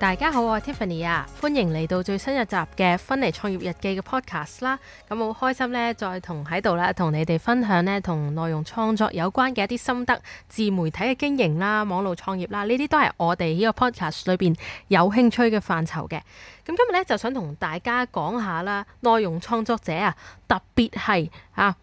大家好，我係 Tiffany 啊，歡迎嚟到最新一集嘅《婚禮創業日記》嘅 podcast 啦。咁好開心呢，再同喺度啦，同你哋分享呢，同內容創作有關嘅一啲心得，自媒體嘅經營啦，網絡創業啦，呢啲都係我哋呢個 podcast 裏邊有興趣嘅範疇嘅。咁今日呢，就想同大家講下啦，內容創作者啊，特別係啊。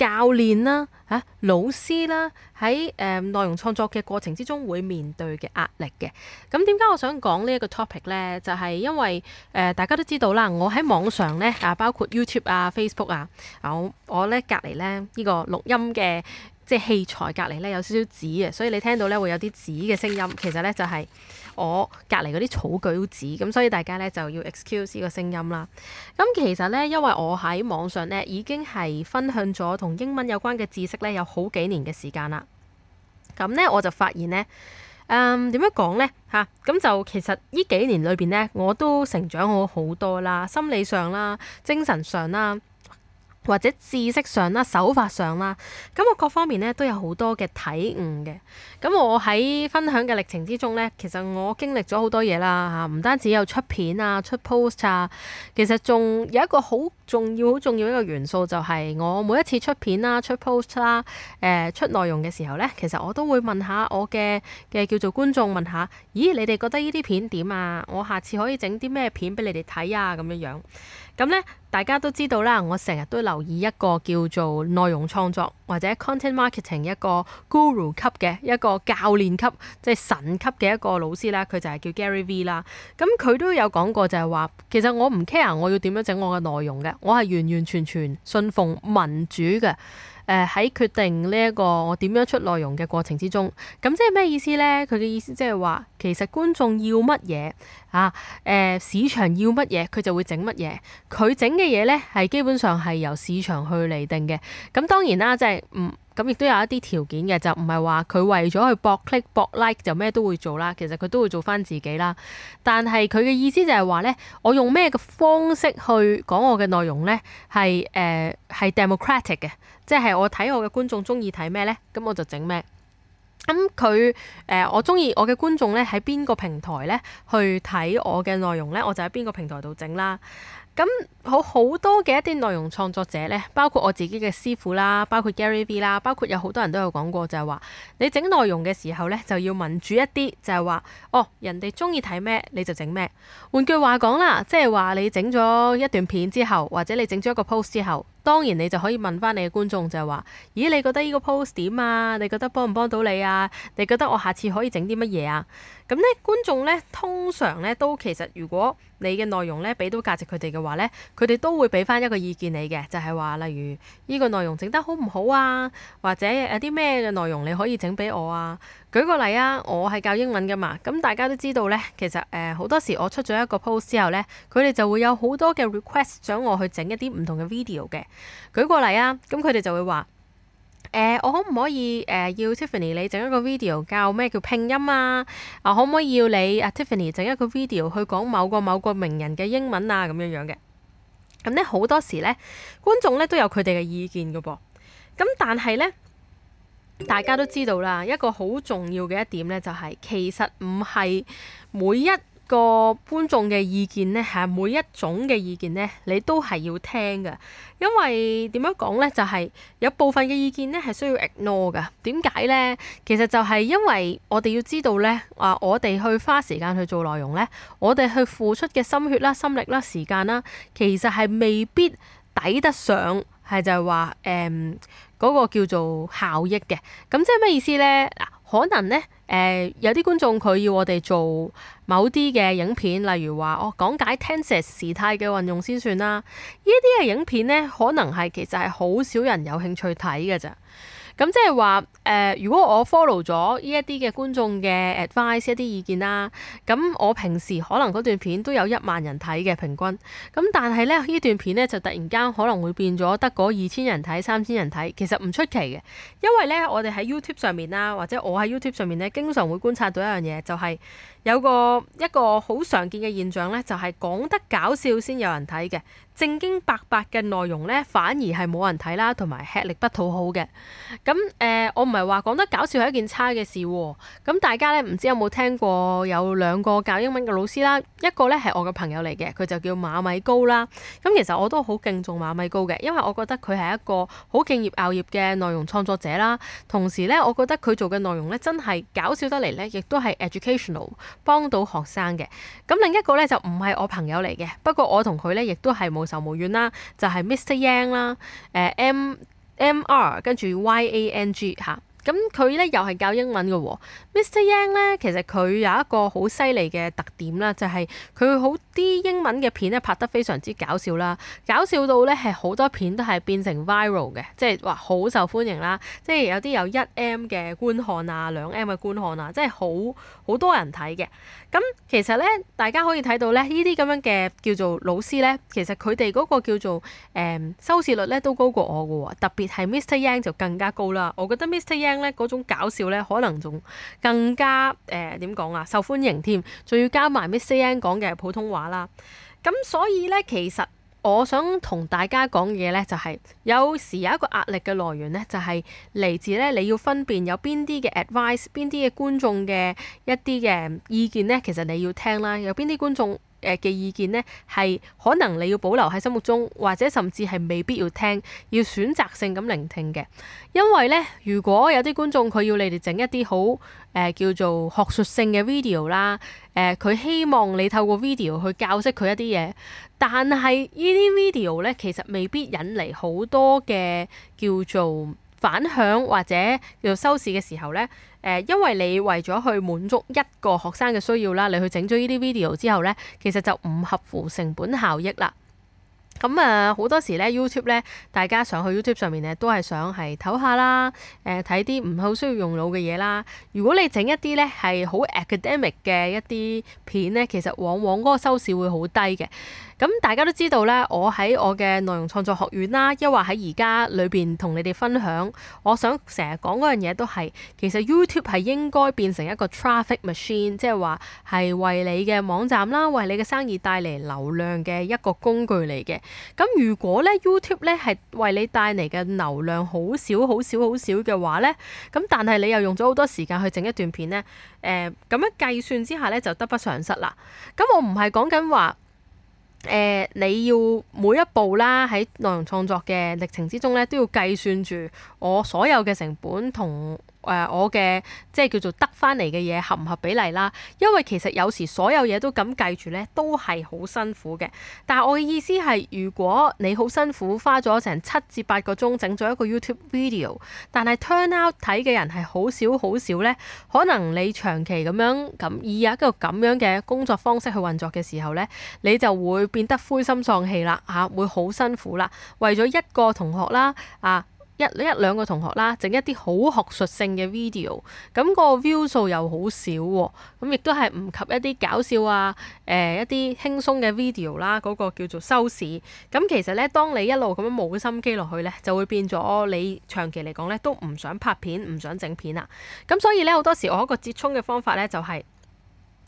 教練啦嚇，老師啦喺誒內容創作嘅過程之中會面對嘅壓力嘅。咁點解我想講呢一個 topic 呢？就係、係、因為誒、呃、大家都知道啦，我喺網上呢，啊，包括 YouTube 啊、Facebook 啊，我我咧隔離呢，呢、呢個錄音嘅即係器材隔離呢有少少紙啊，所以你聽到呢會有啲紙嘅聲音，其實呢就係、係。我隔離嗰啲草稿紙，咁所以大家咧就要 excuse 呢個聲音啦。咁其實咧，因為我喺網上咧已經係分享咗同英文有關嘅知識咧，有好幾年嘅時間啦。咁咧我就發現咧，誒點樣講咧嚇？咁就其實呢幾年裏邊咧，我都成長好好多啦，心理上啦、精神上啦，或者知識上啦、手法上啦，咁我各方面咧都有好多嘅體悟嘅。咁我喺分享嘅歷程之中咧，其實我經歷咗好多嘢啦吓，唔單止有出片啊、出 post 啊，其實仲有一個好重要、好重要一個元素，就係我每一次出片啊、出 post 啦、啊、誒、呃、出內容嘅時候咧，其實我都會問下我嘅嘅叫做觀眾問下，咦，你哋覺得呢啲片點啊？我下次可以整啲咩片俾你哋睇啊？咁樣樣，咁咧大家都知道啦，我成日都留意一個叫做內容創作或者 content marketing 一個 guru 級嘅一個。個教練級即係神級嘅一個老師啦，佢就係叫 Gary V 啦。咁佢都有講過就，就係話其實我唔 care，我要點樣整我嘅內容嘅，我係完完全全全信奉民主嘅。誒、呃、喺決定呢一個我點樣出內容嘅過程之中，咁即係咩意思呢？佢嘅意思即係話其實觀眾要乜嘢啊？誒、呃、市場要乜嘢，佢就會整乜嘢。佢整嘅嘢呢，係基本上係由市場去嚟定嘅。咁當然啦，即係唔，嗯咁亦都有一啲條件嘅，就唔係話佢為咗去博 click、博 like 就咩都會做啦。其實佢都會做返自己啦。但係佢嘅意思就係話呢：「我用咩嘅方式去講我嘅內容呢？係誒係、呃、democratic 嘅，即係我睇我嘅觀眾中意睇咩呢？咁我就整咩。」咁佢誒，我中意我嘅觀眾呢喺邊個平台呢？去睇我嘅內容呢？我就喺邊個平台度整啦。咁好好多嘅一啲內容創作者呢，包括我自己嘅師傅啦，包括 Gary V 啦，包括有好多人都有講過就，就係話你整內容嘅時候呢，就要民主一啲，就係話哦，人哋鍾意睇咩你就整咩。換句話講啦，即係話你整咗一段片之後，或者你整咗一個 post 之後。當然你就可以問翻你嘅觀眾，就係話：咦，你覺得呢個 post 點啊？你覺得幫唔幫到你啊？你覺得我下次可以整啲乜嘢啊？咁呢，觀眾呢，通常呢，都其實，如果你嘅內容呢，俾到價值佢哋嘅話呢，佢哋都會俾翻一個意見你嘅，就係話，例如呢個內容整得好唔好啊？或者有啲咩嘅內容你可以整俾我啊？舉個例啊，我係教英文噶嘛，咁大家都知道呢，其實誒好、呃、多時我出咗一個 post 之後呢，佢哋就會有好多嘅 request 想我去整一啲唔同嘅 video 嘅。舉個例啊，咁佢哋就會話、呃、我可唔可以誒、呃、要 Tiffany 你整一個 video 教咩叫拼音啊？啊，可唔可以要你啊 Tiffany 整一個 video 去講某個某個名人嘅英文啊？咁樣樣嘅。咁呢好多時呢，觀眾呢都有佢哋嘅意見噶噃。咁但係呢。大家都知道啦，一個好重要嘅一點呢、就係，就係其實唔係每一個觀眾嘅意見呢，係每一種嘅意見呢，你都係要聽噶。因為點樣講呢？就係、係、有部分嘅意見呢，係需要 ignore 噶。點解呢？其實就係因為我哋要知道呢，啊，我哋去花時間去做內容呢，我哋去付出嘅心血啦、心力啦、時間啦，其實係未必抵得上，係就係話誒。嗯嗰個叫做效益嘅，咁即係咩意思呢？嗱，可能呢，誒、呃、有啲觀眾佢要我哋做某啲嘅影片，例如話我、哦、講解 tenses 時態嘅運用先算啦。呢啲嘅影片呢，可能係其實係好少人有興趣睇嘅咋。咁即係話，誒、嗯就是呃，如果我 follow 咗呢一啲嘅觀眾嘅 advice 一啲意見啦，咁、嗯、我平時可能嗰段片都有一萬人睇嘅平均，咁、嗯、但係呢呢段片呢，就突然間可能會變咗得嗰二千人睇、三千人睇，其實唔出奇嘅，因為呢，我哋喺 YouTube 上面啦，或者我喺 YouTube 上面呢，經常會觀察到一樣嘢，就係、是。有個一個好常見嘅現象呢，就係、是、講得搞笑先有人睇嘅，正經八百嘅內容呢，反而係冇人睇啦，同埋吃力不討好嘅。咁誒、呃，我唔係話講得搞笑係一件差嘅事喎、啊。咁大家呢，唔知有冇聽過有兩個教英文嘅老師啦，一個呢係我嘅朋友嚟嘅，佢就叫馬米高啦。咁其實我都好敬重馬米高嘅，因為我覺得佢係一個好敬業、熬業嘅內容創作者啦。同時呢，我覺得佢做嘅內容呢，真係搞笑得嚟呢，亦都係 educational。幫到學生嘅，咁另一個咧就唔係我朋友嚟嘅，不過我同佢咧亦都係無仇無怨啦，就係、是、Mr. Yang 啦、啊，誒 M M R 跟住 Y A N G 嚇、啊。咁佢咧又係教英文嘅喎、哦，Mr Yang 咧其實佢有一個好犀利嘅特點啦，就係佢好啲英文嘅片咧拍得非常之搞笑啦，搞笑到咧係好多片都係變成 viral 嘅，即係話好受歡迎啦，即係有啲有一 M 嘅觀看啊，兩 M 嘅觀看啊，即係好好多人睇嘅。咁其實咧，大家可以睇到咧，呢啲咁樣嘅叫做老師咧，其實佢哋嗰個叫做誒、呃、收視率咧都高過我嘅、哦，特別係 Mr Yang 就更加高啦。我覺得 Mr Yang。咧嗰種搞笑咧，可能仲更加誒，點講啊，受歡迎添，仲要加埋咩四 N 講嘅普通話啦。咁所以咧，其實我想同大家講嘢咧，就係有時有一個壓力嘅來源咧，就係嚟自咧，你要分辨有邊啲嘅 advice，邊啲嘅觀眾嘅一啲嘅意見咧，其實你要聽啦，有邊啲觀眾。誒嘅意見呢，係可能你要保留喺心目中，或者甚至係未必要聽，要選擇性咁聆聽嘅。因為呢，如果有啲觀眾佢要你哋整一啲好誒叫做學術性嘅 video 啦，誒、呃、佢希望你透過 video 去教識佢一啲嘢，但係呢啲 video 呢，其實未必引嚟好多嘅叫做反響或者叫做收視嘅時候呢。因為你為咗去滿足一個學生嘅需要啦，你去整咗呢啲 video 之後呢，其實就唔合乎成本效益啦。咁、嗯、啊，好多時呢 YouTube 呢，大家上去 YouTube 上面呢，都係想係唞下啦，睇啲唔好需要用腦嘅嘢啦。如果你整一啲呢係好 academic 嘅一啲片呢，其實往往嗰個收視會好低嘅。咁大家都知道呢，我喺我嘅內容創作學院啦，又或喺而家裏邊同你哋分享，我想成日講嗰樣嘢都係其實 YouTube 係應該變成一個 traffic machine，即係話係為你嘅網站啦，為你嘅生意帶嚟流量嘅一個工具嚟嘅。咁如果呢 YouTube 呢係為你帶嚟嘅流量好少、好少、好少嘅話呢，咁但係你又用咗好多時間去整一段片呢，誒咁樣計算之下呢，就得不償失啦。咁我唔係講緊話。誒、呃，你要每一步啦，喺內容創作嘅歷程之中咧，都要計算住我所有嘅成本同，誒、呃、我嘅即係叫做得翻嚟嘅嘢合唔合比例啦？因為其實有時所有嘢都咁計住呢，都係好辛苦嘅。但係我嘅意思係，如果你好辛苦花咗成七至八個鐘整咗一個 YouTube video，但係 turn out 睇嘅人係好少好少呢，可能你長期咁樣咁以一個咁樣嘅工作方式去運作嘅時候呢，你就會變得灰心喪氣啦，嚇、啊、會好辛苦啦。為咗一個同學啦，啊！一一兩個同學啦，整一啲好學術性嘅 video，咁個 view 數又好少喎、哦，咁亦都係唔及一啲搞笑啊，誒、呃、一啲輕鬆嘅 video 啦，嗰、那個叫做收視。咁其實咧，當你一路咁樣冇心機落去咧，就會變咗你長期嚟講咧都唔想拍片，唔想整片啦。咁所以咧，好多時我一個折衷嘅方法咧就係、是。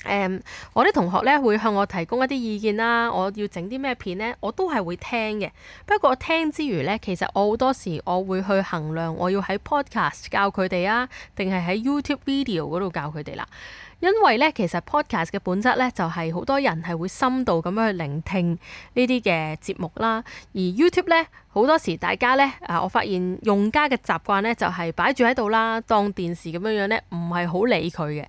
誒，um, 我啲同學咧會向我提供一啲意見啦，我要整啲咩片咧，我都係會聽嘅。不過我聽之餘咧，其實我好多時我會去衡量，我要喺 podcast 教佢哋啊，定係喺 YouTube video 嗰度教佢哋啦。因為咧，其實 podcast 嘅本質咧，就係好多人係會深度咁樣去聆聽呢啲嘅節目啦。而 YouTube 咧，好多時大家咧，啊，我發現用家嘅習慣咧，就係擺住喺度啦，當電視咁樣樣咧，唔係好理佢嘅。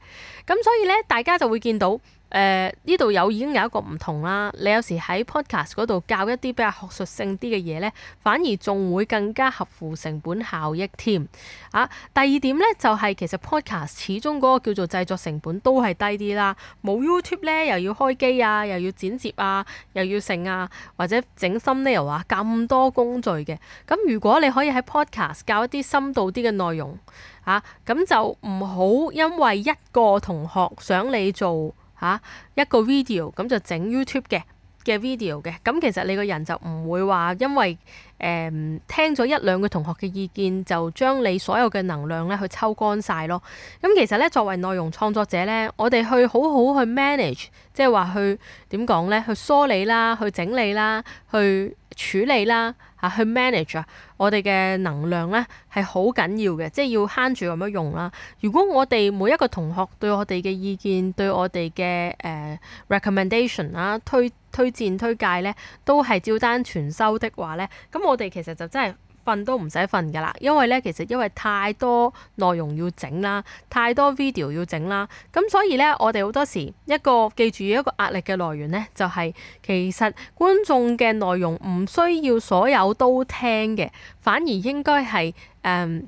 咁所以咧，大家就會見到。誒呢度有已經有一個唔同啦。你有時喺 podcast 嗰度教一啲比較學術性啲嘅嘢呢，反而仲會更加合乎成本效益添啊。第二點呢，就係其實 podcast 始終嗰個叫做製作成本都係低啲啦，冇 YouTube 呢，又要開機啊，又要剪接啊，又要成啊，或者整 Thumbnail 啊咁多工序嘅。咁如果你可以喺 podcast 教一啲深度啲嘅內容啊，咁就唔好因為一個同學想你做。啊，一個 video 咁就整 YouTube 嘅嘅 video 嘅，咁其實你個人就唔會話因為誒、嗯、聽咗一兩個同學嘅意見就將你所有嘅能量咧去抽乾晒咯。咁其實咧作為內容創作者咧，我哋去好好去 manage，即係話去點講咧，去梳理啦，去整理啦，去。處理啦嚇，去 manage 啊。我哋嘅能量呢係好緊要嘅，即係要慳住咁樣用啦。如果我哋每一個同學對我哋嘅意見、對我哋嘅誒 recommendation 啦、推推薦推介呢，都係照單全收的話呢，咁我哋其實就真係～瞓都唔使瞓噶啦，因為咧其實因為太多內容要整啦，太多 video 要整啦，咁所以咧我哋好多時一個記住一個壓力嘅來源咧，就係其實觀眾嘅內容唔需要所有都聽嘅，反而應該係誒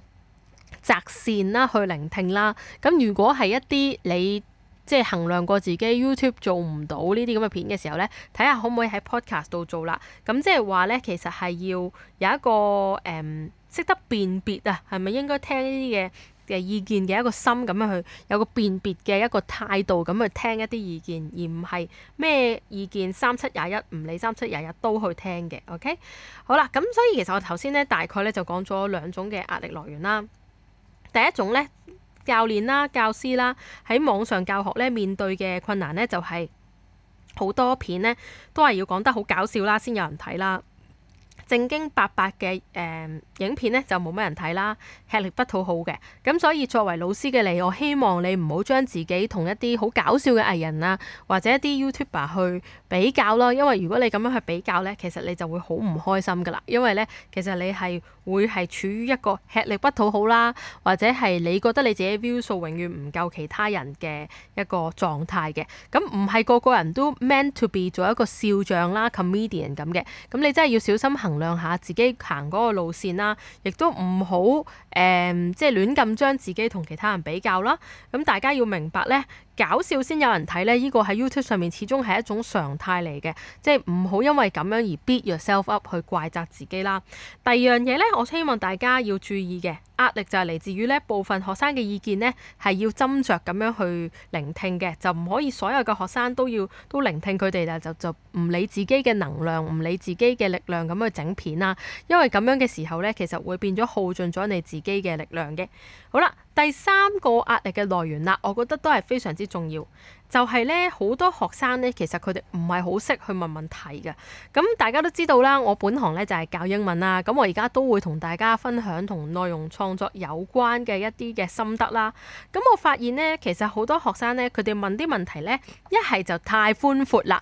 擇線啦去聆聽啦。咁如果係一啲你。即係衡量過自己 YouTube 做唔到呢啲咁嘅片嘅時候呢，睇下可唔可以喺 Podcast 度做啦。咁即係話呢，其實係要有一個誒識、嗯、得辨別啊，係咪應該聽呢啲嘅嘅意見嘅一個心咁樣去有個辨別嘅一個態度咁去聽一啲意見，而唔係咩意見三七廿一唔理三七廿一都去聽嘅。OK，好啦，咁所以其實我頭先呢，大概呢就講咗兩種嘅壓力來源啦。第一種呢。教練啦、教師啦，喺網上教學咧，面對嘅困難咧，就係好多片咧，都係要講得好搞笑啦，先有人睇啦。正經八百嘅誒、呃影片呢就冇咩人睇啦，吃力不討好嘅。咁所以作為老師嘅你，我希望你唔好將自己同一啲好搞笑嘅藝人啊，或者一啲 YouTuber 去比較咯。因為如果你咁樣去比較咧，其實你就會好唔開心噶啦。因為咧，其實你係會係處於一個吃力不討好啦，或者係你覺得你自己 view 數永遠唔夠其他人嘅一個狀態嘅。咁唔係個個人都 meant to be 做一個笑匠啦、comedian 咁嘅。咁、嗯、你真係要小心衡量下自己行個路線啦。亦都唔好誒，即係亂咁將自己同其他人比較啦。咁大家要明白咧。搞笑先有人睇呢。呢、呢個喺 YouTube 上面始終係一種常態嚟嘅，即係唔好因為咁樣而 beat yourself up 去怪責自己啦。第二樣嘢呢，我希望大家要注意嘅壓力就係嚟自於呢部分學生嘅意見呢，係要斟酌咁樣去聆聽嘅，就唔可以所有嘅學生都要都聆聽佢哋就就唔理自己嘅能量，唔理自己嘅力量咁去整片啦，因為咁樣嘅時候呢，其實會變咗耗盡咗你自己嘅力量嘅。好啦。第三個壓力嘅來源啦，我覺得都係非常之重要。就係咧，好多學生咧，其實佢哋唔係好識去問問題嘅。咁大家都知道啦，我本行咧就係教英文啦。咁我而家都會同大家分享同內容創作有關嘅一啲嘅心得啦。咁我發現咧，其實好多學生咧，佢哋問啲問題咧，一係就太寬闊啦，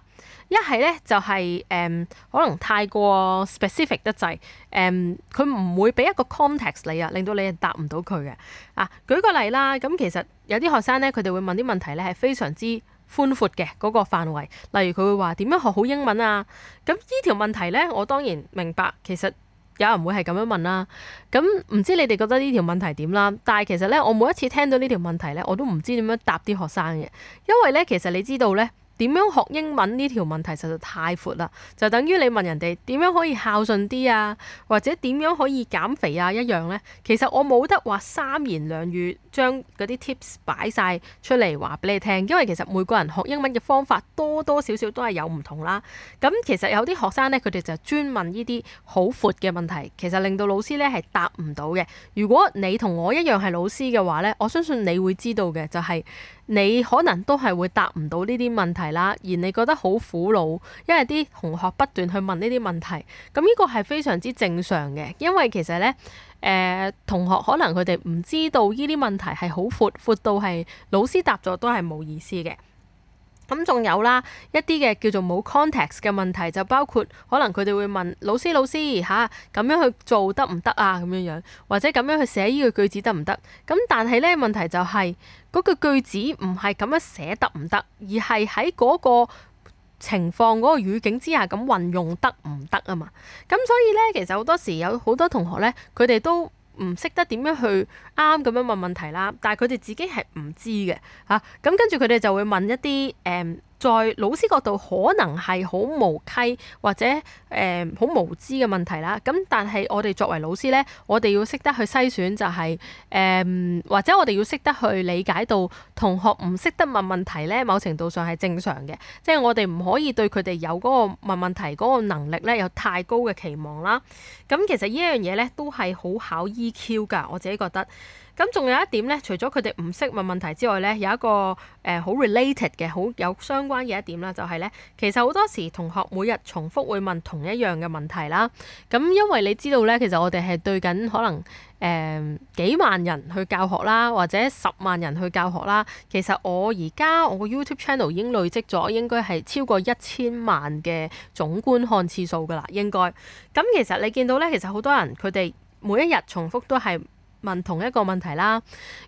一係咧就係誒可能太過 specific 得滯，誒佢唔會俾一個 context 你啊，令到你答唔到佢嘅。啊，舉個例啦，咁其實。有啲學生呢，佢哋會問啲問題呢係非常之寬闊嘅嗰個範圍。例如佢會話點樣學好英文啊？咁呢條問題呢，我當然明白，其實有人會係咁樣問啦啊。咁唔知你哋覺得呢條問題點啦？但係其實呢，我每一次聽到呢條問題呢，我都唔知點樣答啲學生嘅，因為呢，其實你知道呢。點樣學英文呢條問題實在太闊啦，就等於你問人哋點樣可以孝順啲啊，或者點樣可以減肥啊一樣呢。其實我冇得話三言兩語將嗰啲 tips 擺晒出嚟話俾你聽，因為其實每個人學英文嘅方法多多少少都係有唔同啦。咁其實有啲學生呢，佢哋就專問呢啲好闊嘅問題，其實令到老師呢係答唔到嘅。如果你同我一樣係老師嘅話呢，我相信你會知道嘅就係。你可能都係會答唔到呢啲問題啦，而你覺得好苦惱，因為啲同學不斷去問呢啲問題，咁呢個係非常之正常嘅，因為其實呢，誒、呃、同學可能佢哋唔知道呢啲問題係好闊，闊到係老師答咗都係冇意思嘅。咁仲有啦，一啲嘅叫做冇 context 嘅問題，就包括可能佢哋會問老師老師吓，咁樣去做得唔得啊？咁樣樣，或者咁樣去寫呢個句子得唔得？咁但係咧問題就係嗰個句子唔係咁樣寫得唔得，而係喺嗰個情況嗰個語境之下咁運用得唔得啊嘛，咁所以咧，其實好多時有好多同學咧，佢哋都唔識得點樣去啱咁樣問問題啦，但係佢哋自己係唔知嘅嚇，咁、啊、跟住佢哋就會問一啲誒。嗯在老師角度可能係好無稽或者誒好、嗯、無知嘅問題啦，咁但係我哋作為老師呢，我哋要識得去篩選、就是，就係誒或者我哋要識得去理解到同學唔識得問問題呢某程度上係正常嘅，即、就、係、是、我哋唔可以對佢哋有嗰個問問題嗰個能力呢有太高嘅期望啦。咁其實呢樣嘢呢都係好考 EQ 㗎，我自己覺得。咁仲有一點咧，除咗佢哋唔識問問題之外咧，有一個誒好、呃、related 嘅、好有相關嘅一點啦，就係咧，其實好多時同學每日重複會問同一樣嘅問題啦。咁因為你知道咧，其實我哋係對緊可能誒、呃、幾萬人去教學啦，或者十萬人去教學啦。其實我而家我個 YouTube channel 已經累積咗應該係超過一千萬嘅總觀看次數㗎啦，應該。咁其實你見到咧，其實好多人佢哋每一日重複都係。問同一個問題啦，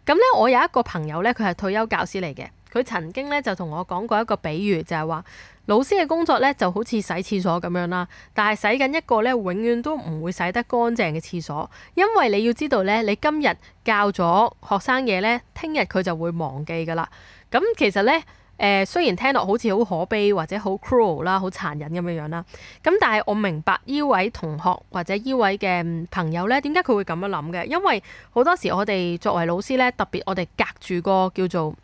咁咧我有一個朋友咧，佢係退休教師嚟嘅，佢曾經咧就同我講過一個比喻，就係話老師嘅工作咧就好似洗廁所咁樣啦，但係洗緊一個咧永遠都唔會洗得乾淨嘅廁所，因為你要知道咧，你今日教咗學生嘢咧，聽日佢就會忘記噶啦，咁其實咧。誒雖然聽落好似好可悲或者好 cruel 啦，好殘忍咁樣樣啦，咁但係我明白呢位同學或者呢位嘅朋友呢，點解佢會咁樣諗嘅？因為好多時我哋作為老師呢，特別我哋隔住個叫做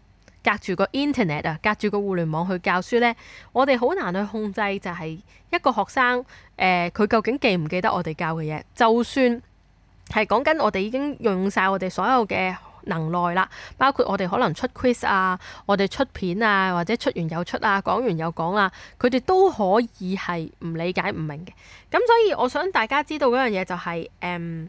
隔住個 internet 啊，隔住個互聯網去教書呢，我哋好難去控制就係一個學生佢、呃、究竟記唔記得我哋教嘅嘢？就算係講緊我哋已經用晒我哋所有嘅。能耐啦，包括我哋可能出 quiz 啊，我哋出片啊，或者出完又出啊，講完又講啊，佢哋都可以係唔理解、唔明嘅。咁所以我想大家知道嗰樣嘢就係、是，誒、um，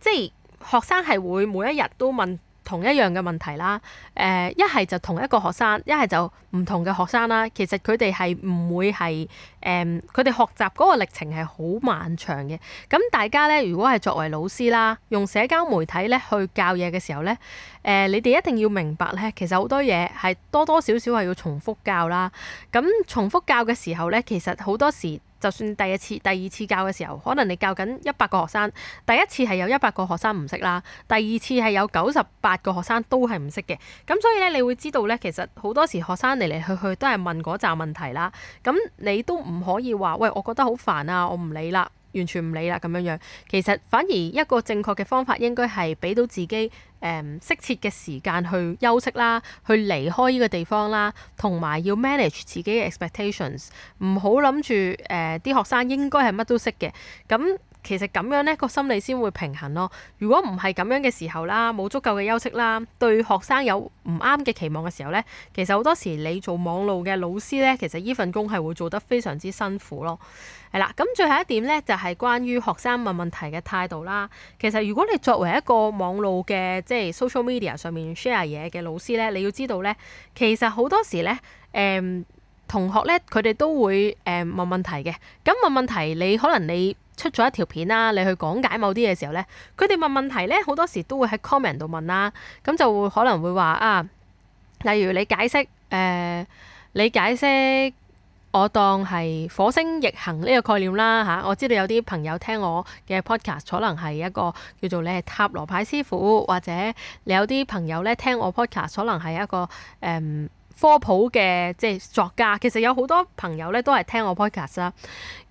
即係學生係會每一日都問。同一樣嘅問題啦，誒一係就同一個學生，一係就唔同嘅學生啦。其實佢哋係唔會係誒，佢哋學習嗰個歷程係好漫長嘅。咁大家呢，如果係作為老師啦，用社交媒體呢去教嘢嘅時候呢，誒、呃、你哋一定要明白呢，其實好多嘢係多多少少係要重複教啦。咁重複教嘅時候呢，其實好多時。就算第一次、第二次教嘅時候，可能你教緊一百個學生，第一次係有一百個學生唔識啦，第二次係有九十八個學生都係唔識嘅，咁所以咧，你會知道咧，其實好多時學生嚟嚟去去都係問嗰紮問題啦，咁你都唔可以話，喂，我覺得好煩啊，我唔理啦。完全唔理啦咁樣樣，其實反而一個正確嘅方法應該係俾到自己誒嗯、適切嘅時間去休息啦，去離開呢個地方啦，同埋要 manage 自己嘅 expectations，唔好諗住誒啲學生應該係乜都識嘅。咁其實咁樣呢，個心理先會平衡咯。如果唔係咁樣嘅時候啦，冇足夠嘅休息啦，對學生有唔啱嘅期望嘅時候呢，其實好多時你做網路嘅老師呢，其實呢份工係會做得非常之辛苦咯。係啦，咁最後一點咧，就係關於學生問問題嘅態度啦。其實如果你作為一個網路嘅即係 social media 上面 share 嘢嘅老師咧，你要知道咧，其實好多時咧，誒、嗯、同學咧，佢哋都會誒、嗯、問問題嘅。咁問問題，你可能你出咗一條片啦，你去講解某啲嘢時候咧，佢哋問問題咧，好多時都會喺 comment 度問啦。咁就會可能會話啊，例如你解釋誒、呃，你解釋。我當係火星逆行呢個概念啦嚇，我知道有啲朋友聽我嘅 podcast，可能係一個叫做你係塔羅牌師傅，或者你有啲朋友咧聽我 podcast，可能係一個誒、嗯、科普嘅即係作家。其實有好多朋友咧都係聽我 podcast 啦。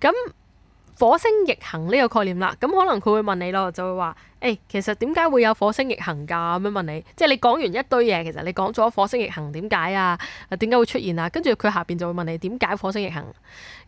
咁火星逆行呢個概念啦，咁可能佢會問你咯，就會話。誒，其實點解會有火星逆行㗎？咁樣問你，即係你講完一堆嘢，其實你講咗火星逆行點解啊？點解會出現啊？跟住佢下邊就會問你點解火星逆行。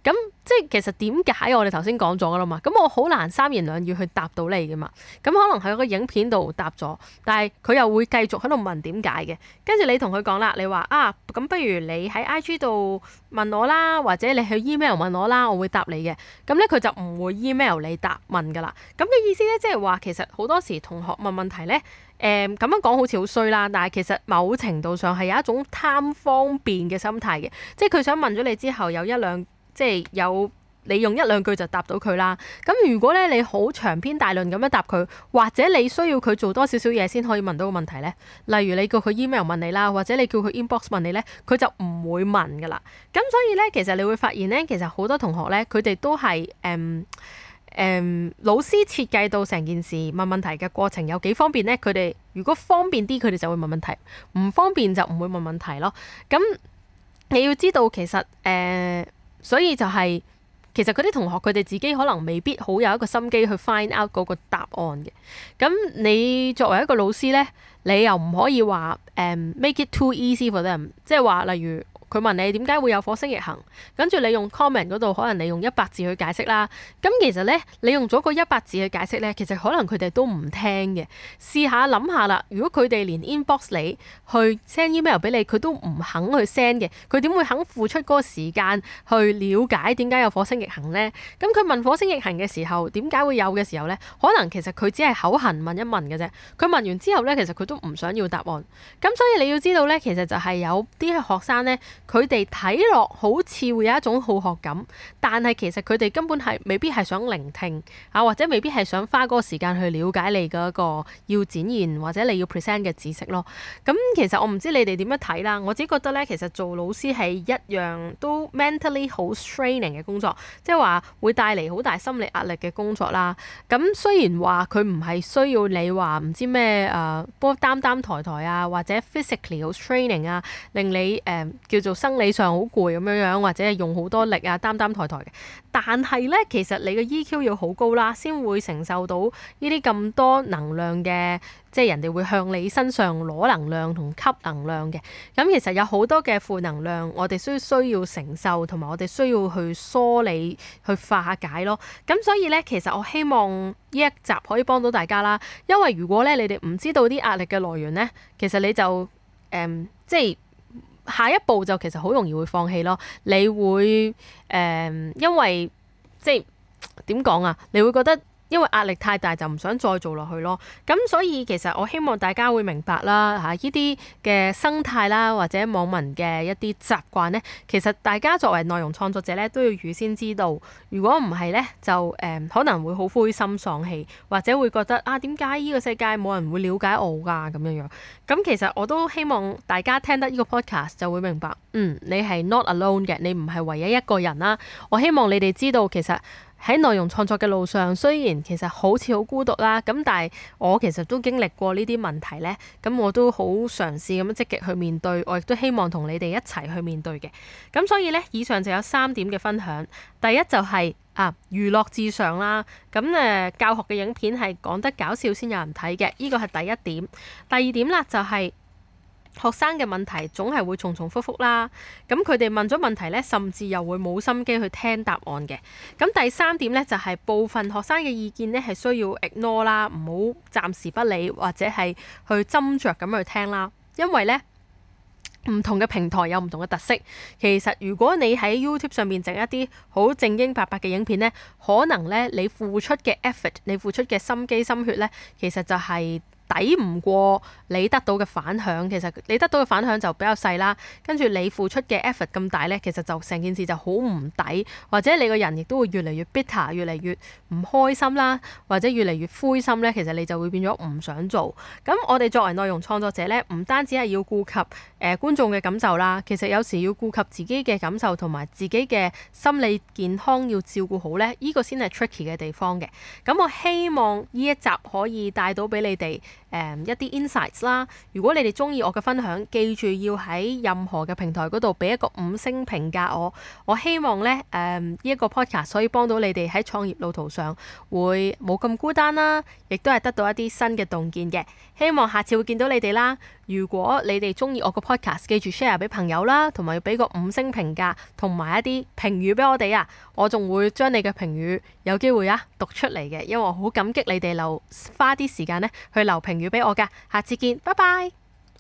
咁即係其實點解我哋頭先講咗㗎啦嘛？咁我好難三言兩語去答到你嘅嘛。咁可能喺個影片度答咗，但係佢又會繼續喺度問點解嘅。跟住你同佢講啦，你話啊，咁不如你喺 IG 度問我啦，或者你去 email 問我啦，我會答你嘅。咁咧佢就唔會 email 你答問㗎啦。咁嘅意思咧，即係話其實。好多時同學問問題呢，誒、嗯、咁樣講好似好衰啦，但係其實某程度上係有一種貪方便嘅心態嘅，即係佢想問咗你之後有一兩，即係有你用一兩句就答到佢啦。咁如果咧你好長篇大論咁樣答佢，或者你需要佢做多少少嘢先可以問到個問題呢，例如你叫佢 email 問你啦，或者你叫佢 inbox 問你呢，佢就唔會問㗎啦。咁所以呢，其實你會發現呢，其實好多同學呢，佢哋都係誒。嗯誒、嗯、老師設計到成件事問問題嘅過程有幾方便呢？佢哋如果方便啲，佢哋就會問問題；唔方便就唔會問問題咯。咁你要知道，其實誒、嗯，所以就係、是、其實佢啲同學佢哋自己可能未必好有一個心機去 find out 嗰個答案嘅。咁你作為一個老師呢，你又唔可以話、嗯、make it too easy for them，即係話例如。佢問你點解會有火星逆行，跟住你用 comment 嗰度，可能你用一百字去解釋啦。咁其實呢，你用咗個一百字去解釋呢，其實可能佢哋都唔聽嘅。試下諗下啦，如果佢哋連 inbox 你去 send email 俾你，佢都唔肯去 send 嘅，佢點會肯付出嗰個時間去了解點解有火星逆行呢？咁佢問火星逆行嘅時候，點解會有嘅時候呢？可能其實佢只係口痕問一問嘅啫。佢問完之後呢，其實佢都唔想要答案。咁所以你要知道呢，其實就係有啲學生呢。佢哋睇落好似會有一種好學感，但係其實佢哋根本係未必係想聆聽，啊，或者未必係想花嗰個時間去了解你嘅一個要展現或者你要 present 嘅知識咯。咁、嗯、其實我唔知你哋點樣睇啦。我自己覺得咧，其實做老師係一樣都 mentally 好 training 嘅工作，即係話會帶嚟好大心理壓力嘅工作啦。咁、嗯、雖然話佢唔係需要你話唔知咩誒幫、擔擔、抬抬啊，或者 physically 好 training 啊，令你誒、呃、叫做～生理上好攰咁樣樣，或者係用好多力啊，擔擔抬抬嘅。但係呢，其實你嘅 EQ 要好高啦，先會承受到呢啲咁多能量嘅，即係人哋會向你身上攞能量同吸能量嘅。咁、嗯、其實有好多嘅負能量我，我哋需需要承受，同埋我哋需要去梳理、去化解咯。咁、嗯、所以呢，其實我希望呢一集可以幫到大家啦。因為如果咧你哋唔知道啲壓力嘅來源呢，其實你就、嗯、即係。下一步就其實好容易會放棄咯，你會誒、呃，因為即係點講呀，你會覺得。因為壓力太大就唔想再做落去咯，咁所以其實我希望大家會明白啦嚇呢啲嘅生態啦，或者網民嘅一啲習慣呢。其實大家作為內容創作者呢，都要預先知道，如果唔係呢，就誒、呃、可能會好灰心喪氣，或者會覺得啊，點解呢個世界冇人會了解我噶？咁樣樣，咁其實我都希望大家聽得呢個 podcast 就會明白，嗯，你係 not alone 嘅，你唔係唯一一個人啦、啊，我希望你哋知道其實。喺內容創作嘅路上，雖然其實好似好孤獨啦，咁但係我其實都經歷過呢啲問題呢。咁我都好嘗試咁樣積極去面對，我亦都希望同你哋一齊去面對嘅。咁所以呢，以上就有三點嘅分享。第一就係啊，娛樂至上啦，咁誒教學嘅影片係講得搞笑先有人睇嘅，呢個係第一點。第二點啦，就係。學生嘅問題總係會重重覆覆啦，咁佢哋問咗問題呢，甚至又會冇心機去聽答案嘅。咁第三點呢，就係、是、部分學生嘅意見呢，係需要 ignore 啦，唔好暫時不理或者係去斟酌咁去聽啦，因為呢，唔同嘅平台有唔同嘅特色。其實如果你喺 YouTube 上面整一啲好正經八百嘅影片呢，可能呢，你付出嘅 effort，你付出嘅心機心血呢，其實就係、是。抵唔過你得到嘅反響，其實你得到嘅反響就比較細啦。跟住你付出嘅 effort 咁大呢，其實就成件事就好唔抵，或者你個人亦都會越嚟越 bitter，越嚟越唔開心啦，或者越嚟越灰心呢，其實你就會變咗唔想做。咁我哋作為內容創作者呢，唔單止係要顧及誒、呃、觀眾嘅感受啦，其實有時要顧及自己嘅感受同埋自己嘅心理健康要照顧好呢。呢、這個先係 tricky 嘅地方嘅。咁我希望呢一集可以帶到俾你哋。誒、um, 一啲 insights 啦，如果你哋中意我嘅分享，記住要喺任何嘅平台嗰度俾一個五星評價我。我希望呢誒呢一、um, 個 podcast 可以幫到你哋喺創業路途上會冇咁孤單啦，亦都係得到一啲新嘅洞見嘅。希望下次會見到你哋啦。如果你哋中意我個 podcast，記住 share 俾朋友啦，同埋要俾個五星評價，同埋一啲評語俾我哋啊！我仲會將你嘅評語有機會啊讀出嚟嘅，因為我好感激你哋留花啲時間呢去留評語俾我㗎。下次見，拜拜。